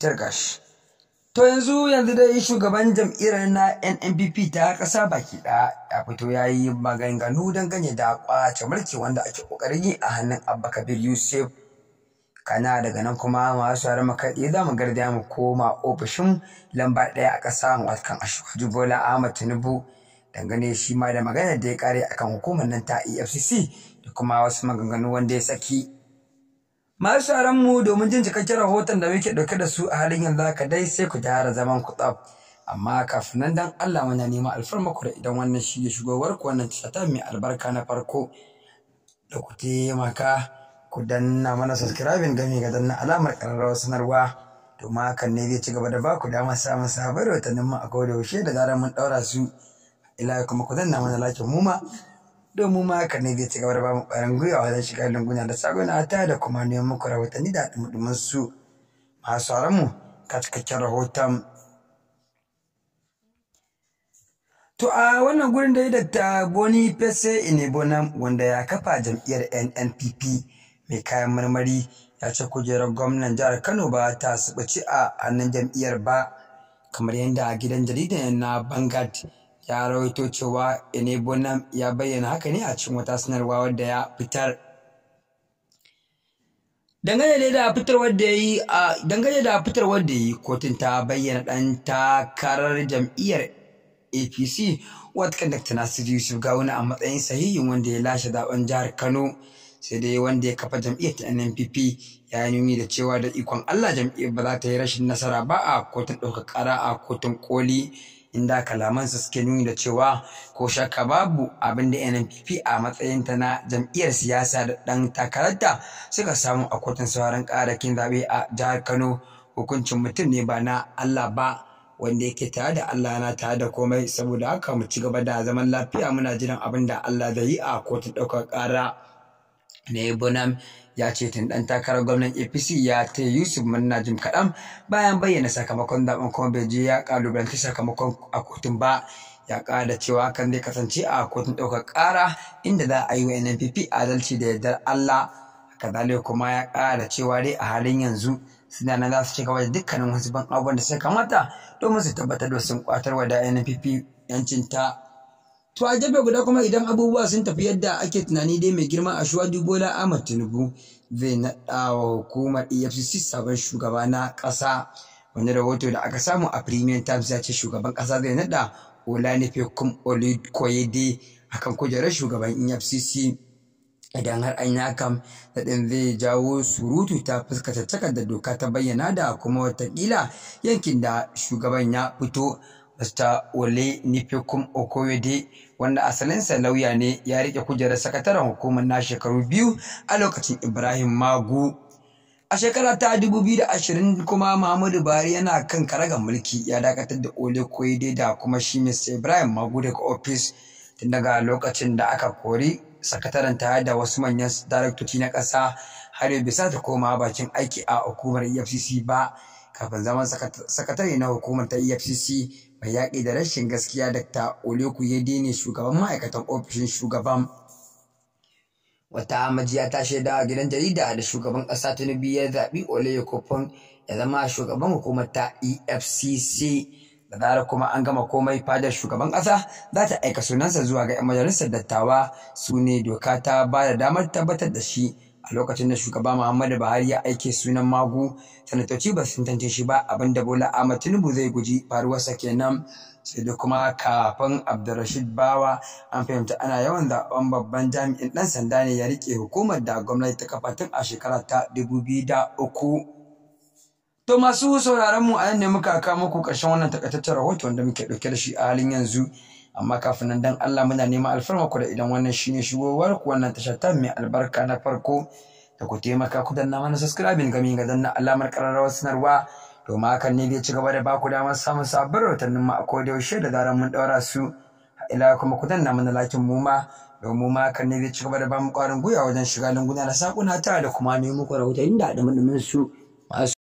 tirgash to yanzu yanzu dai shugaban jam'iyyar na nnpp ta ƙasa baki ɗaya ya fito ya yi maganganu dangane da ƙwace mulki wanda ake ƙoƙarin yi a hannun abba kabir yusuf kana daga nan kuma masu yare makaɗi za mu garda mu koma ofishin lamba ɗaya a ƙasa watkan ashwaju bola ahmad tinubu dangane shi ma da maganar da ya kare akan hukumar nan ta efcc da kuma wasu maganganu wanda ya saki masu mu domin jin cikakken rahoton da muke ɗauke da su a halin yanzu haka dai sai ku gyara zaman ku tsaf amma kafin nan dan Allah muna neman alfarmako da idan wannan shi ya shigo ku wannan ta mai albarka na farko da ku taimaka ku danna mana subscribing gami ga danna alamar ƙararrawar sanarwa To hakan ne zai ci gaba da ba ku damar samun sabon rahotannin mu a koda yaushe da zarar mun ɗaura su ila kuma ku danna mana lakin mu ma Domin mu ma haka ne zai ci gaba da mu ƙwarin gwiwa wajen shiga lunguna da saguna ta da kuma neman muku rahotanni da ɗumuɗumin su masu mu ka cikakken rahoton To a wannan gurin da Dr. Boni Fese nan wanda ya kafa jam'iyyar NNPP mai kayan marmari ya ce kujerar gwamnan jihar Kano ba ta subuci a hannun jam'iyyar ba kamar yadda gidan jaridar na Bangad ya rawaito cewa Enebonam ya bayyana haka ne a cikin wata sanarwa wadda ya fitar. Dangane da fitarwar da yi a dangane da yi kotun ta bayyana ɗan takarar jam'iyyar APC wata Dr. Nasiru Yusuf Gawuna a matsayin sahihin wanda ya lashe zaɓen jihar Kano sai dai wanda ya kafa jam'iyyar ta NNPP ya yi nuni da cewa da ikon Allah jam'iyyar ba za ta yi rashin nasara ba a kotun ɗaukar ƙara a kotun koli. inda kalamansa suke nuni da cewa ko shakka babu abin da NNPP a matsayinta na jam'iyyar siyasa da ɗan takararta suka samu a kotun sauran ƙarakin zaɓe a jihar Kano hukuncin mutum ne ba na Allah ba wanda yake tare da Allah na tare da komai saboda haka mu ci gaba da zaman lafiya muna jiran abin da Allah zai yi a kotun ɗaukar ƙara. ne bonam ya ce tun dan takarar gwamnan apc ya ta yusuf manna jim kaɗan bayan bayyana sakamakon zaben kuma bai je ya kalubalanci sakamakon a kotun ba ya ƙara cewa kan zai kasance a kotun ɗaukar ƙara inda za a yi wa nnpp adalci da yardar allah kazalika kuma ya ƙara cewa dai a halin yanzu suna nan za su ci gaba da dukkanin wasu ban abubuwan da suka kamata domin su tabbatar da sun kwatar wa da NNPP yancinta To a gefe guda kuma idan abubuwa sun tafi yadda ake tunani dai mai girma a shuwa Bola Ahmad Tinubu zai naɗa wa hukumar EFCC sabon shugaba na ƙasa. Wani rahoto da aka samu a Premium Times ya ce shugaban ƙasa zai naɗa Olanifekum Olukoyede akan kujerar shugaban EFCC. Idan har an yi hakan, daɗin zai jawo surutu ta fuskata takardar doka ta bayyana da kuma watakila yankin da shugaban ya fito. Mr. Ole Nifikum Okoyede wanda asalinsa lauya ne ya rike kujerar sakataren hukumar na shekaru biyu a lokacin Ibrahim Magu. A shekara ta 2020 kuma Muhammadu Buhari yana kan karagar mulki ya dakatar da Ole Koyede da kuma shi Mr. Ibrahim Magu daga ofis tun daga lokacin da aka kori sakataren tare da wasu manyan daraktoci na ƙasa har bisa ta koma bakin aiki a hukumar EFCC ba. kafin zaman sakatare na hukumar ta efcc mai yaƙi da rashin gaskiya dr oleku ne shugaban ma'aikatan ofishin shugaban wata majiya ta shaida a gidan jarida da shugaban ƙasa tinubu ya zaɓi Fon ya zama shugaban hukumar ta efcc da zarar kuma an gama komai fadar shugaban ƙasa za ta aika sunansa zuwa ga 'yan majalisar dattawa su ne doka ta ba da damar tabbatar da shi a lokacin da shugaba Muhammadu Buhari ya aike sunan magu sanatoci ba sun tantance shi ba abinda Bola Ahmed Tinubu zai guji faruwar faruwarsa kenan sai da kuma kafin Abdulrashid Bawa an fahimta ana yawan zaben babban jami'in dan sanda ne ya rike hukumar da gwamnati ta kafa tun a shekara ta 2003 To masu sauraron mu a nan ne muka kawo muku ƙarshen wannan takaitaccen rahoton da muke ɗauke da shi a halin yanzu amma kafin nan dan Allah muna neman alfarma ku da idan wannan shine shigowar ku wannan tashar ta mai albarka na farko da ku taimaka ku danna mana subscribing gami ga danna alamar kararrawar sanarwa ma hakan ne zai ci gaba da ba ku damar samun sabbin rahotannin mu a koda yaushe da zarar mun daura su ila kuma ku danna mana lakin mu ma domin ma hakan ne zai ci gaba da bamu kwarin gwiwa wajen shiga lunguna da sakuna tare da kuma nemo ku rahotannin da mun su